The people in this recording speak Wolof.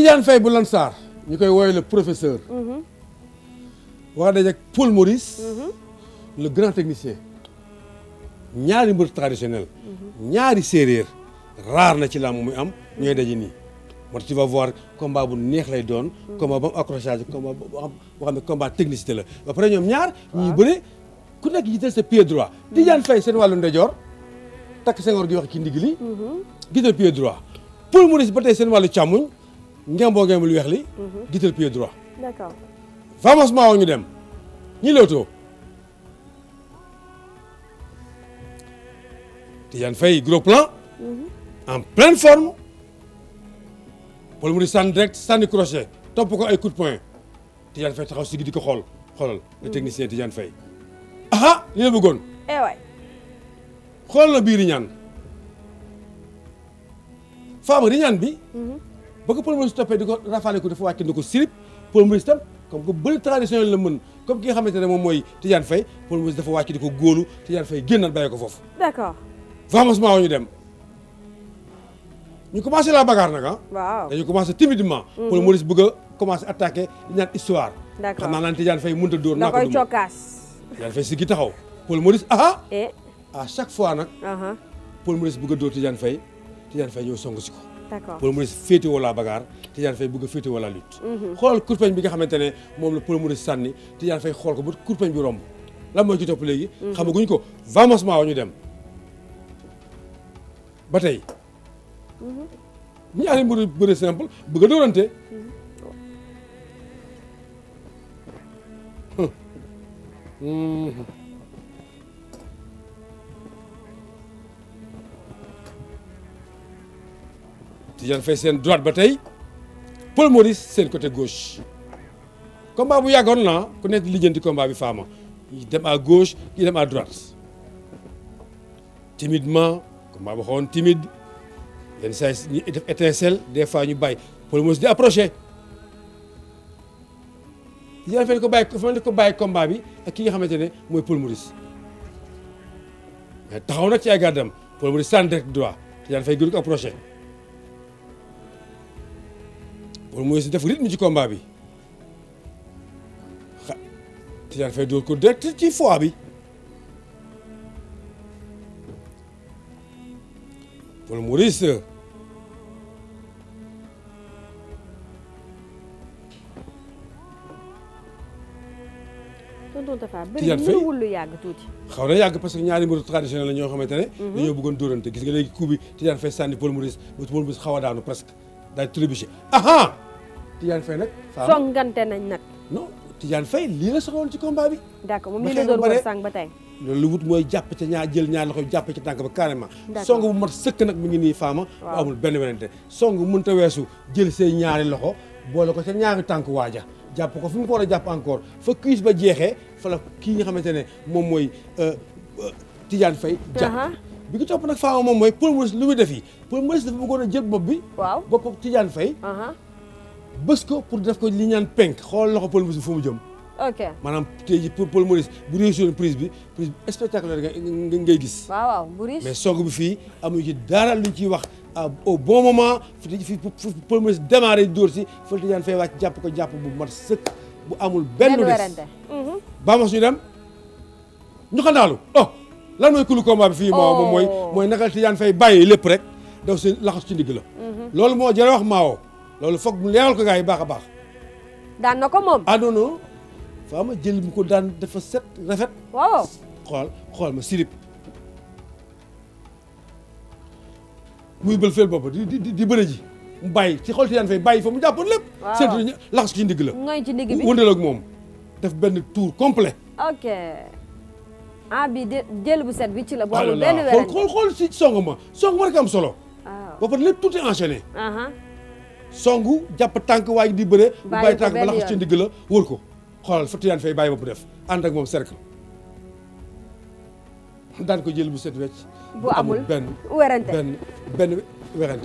Tidiane Faye bu Lansar ñu koy woowee le professeur. Mm-hmm. wax daje ak Paul Maurice. Mm-hmm. le grand technicien. ñaari mbër traditionnel. Mm-hmm. ñaari séeréer. raar na ci làmb muy am ñooy daje nii. moo tu vas voir combat bu neex lay doon. combat ba mu accrochage combat boo xam ne combat technicité la ba pare ñoom ñaar. ñuy bëre ku nekk jiital sa pied droit. Tidiane Faye seen wàllu ndeyjoor takk sengoor gi wax ci ndigli. jiital pied droit Paul Maurice ba tey seen wàllu càmmuñ. ngemboo ngemb lu weex li mhm. jiital pied droit d'accord avancement ñu dem ñi lewtoo Tidiane Faye gros plan mhm. en pleine forme Paul Maurice sànni direct sànni crochet topp ko ay coup de poing Tidiane Faye taxaw di ko xool xoolal le mhm. technicien Tidiane Faye aha li la bëggoon eh waay xool na biir di ñaan bi ba ko premier ministre toppee di ko rafale ko dafa wàcc na ko sirip premier ministre tam comme que bëri traditionnel la mën comme ki nga xamante ne moom mooy Tidiane Faye premier ministre dafa wàcc di ko góolu Tidiane ko foofu d'accord avancement dem ñu commencé la bagarre nag ah. waaw dañu commencé timidement. Mhm. pour Maurice bëgg commencé attaqué ñaan histoire. d' accord xam naa naan Tidiane Faye mënut a dóor. naa ko duma da koy si gi taxaw Paul Maurice ah. et eh. à chaque fois nag. Uh-huh. Paul Maurice bëgg a dóor Tidiane Faye Tidiane Faye ñëw song si ko. Polomoris féetewoo la bagarre Tidiane Faye bëgg a féetewoo la lutte mhm. xoolal kurpeñ bi nga xamante ne moom la Polomoris sànni Tidiane Faye xool ko ba kurpeñ bi romb lan mooy ci topp léegi mhm. xamaguñ ko vamoncement wa ñu dem ba tey mhm. ñaari mbir bëri simple bëgg Tidiane Faye seen droite ba tey Paul Maurice seen côté gauche combat bu yàggoon na ku nekk lijjanti combat bi faama dem à gauche kii dem à droite timidement combat ba xawoon timide yenn saa ñu def étincelle des fois ñu bàyyi Paul Maurice di approché Tidiane Faye ko bàyyi fa ko bàyyi combat bi ak ki nga xamante ne mooy Paul Maurice mais taxaw nag ci ay gàddam Paul Maurice sànni direct droit Tidiane Faye gën ko approché loolu mooy su def rythme ci combat bi xa Tidiane Faye ko direct ci foie bi Paul Maurice tonton Tafa bëri ñëwul na yàgg parce que ñaari ñoo xamante ne mhm. dañoo bëggoon dóorante gis nga léegi coup bi Tidiane Faye sànni Paul Maurice Paul Maurice xaw a daanu presque daal trébuché aha Tidiane Faye nag. songante nañ nag. non Tidiane Faye lii la soxla woon ci combat bi. d'accord moom lii la doon woon sànq ba tey. loolu lu wut mooy jàpp ca ñaar jël ñaar loxo jàpp ci tànk ba carrément. song bu mat nag mi ngi nii faama. amul benn wenente song mënut weesu jël say ñaari loxo boole ko ca ñaari tànk waaja jàpp ko fu mu ko war a jàpp encore fa kiis ba jeexee fa la kii nga xamante ne moom mooy euh, euh, Tidiane Faye. jàpp. bi ko topp nag faama moom mooy Paul Maurice lu muy def yi Paul Maurice dafa bëggoon a jël bopp bi. waaw bopp Tidiane Faye. bës ko pour def ko li ñaan penk xool loxo Paul Maurice fu mu jëm. ok maanaam tey pour Paul Maurice bu réussir prise bi prise spectaculaire nga ngay gis. waaw waaw bu riche mais soog bi fii amuñu ci dara luñ ciy wax au bon moment fi fi Paul Maurice démarré dóor si fële Tidiane Faye wàcc jàpp ko jàpp bu mat sëkk bu amul. benn des benn werante. Mhm. ba mos ñu dem ñu xandaalu oh! lan mooy kulu combat bi fii mooy oh. mooy naka Tidiane Faye bàyyi lépp rek daw si laxas ci ndigg la mhm. loolu moo jëre wax maawo loolu foog mu leeral ko gars yi baax a baax daan na ko moom ah non non jël mu ko daan dafa set rafet waaw xool ma sirip muy bël feel bopp di di di bëre ji mu bàyyi ci xool Tidiane Faye bàyyi fa mu jàppoon lépp seetu laxas ci ndigg la wëndeel ak moom def benn tour complet ah bii de jël bu set bi ci la. boo amul ah benn wérén xool xool si song ma song war nga am solo. waaw ah. ba pare lépp tout est songu jàpp tànk waa di bëre. bàyyi tànk ba laxas ci ndigg la wër ko. xoolal fa Tidiane Faye bàyyi ba bu def ànd ak moom cercle daan ko jël bu set wecc. bu amul benn benn benn